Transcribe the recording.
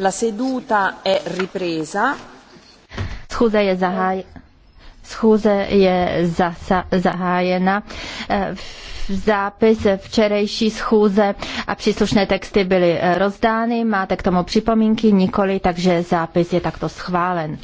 La seduta è ripresa. Schůze je zahájena. je zasa, zahájena. Eh, zápis včerejší schůze a příslušné texty byly rozdány. Máte k tomu připomínky? Nikoli, takže zápis je takto schválen.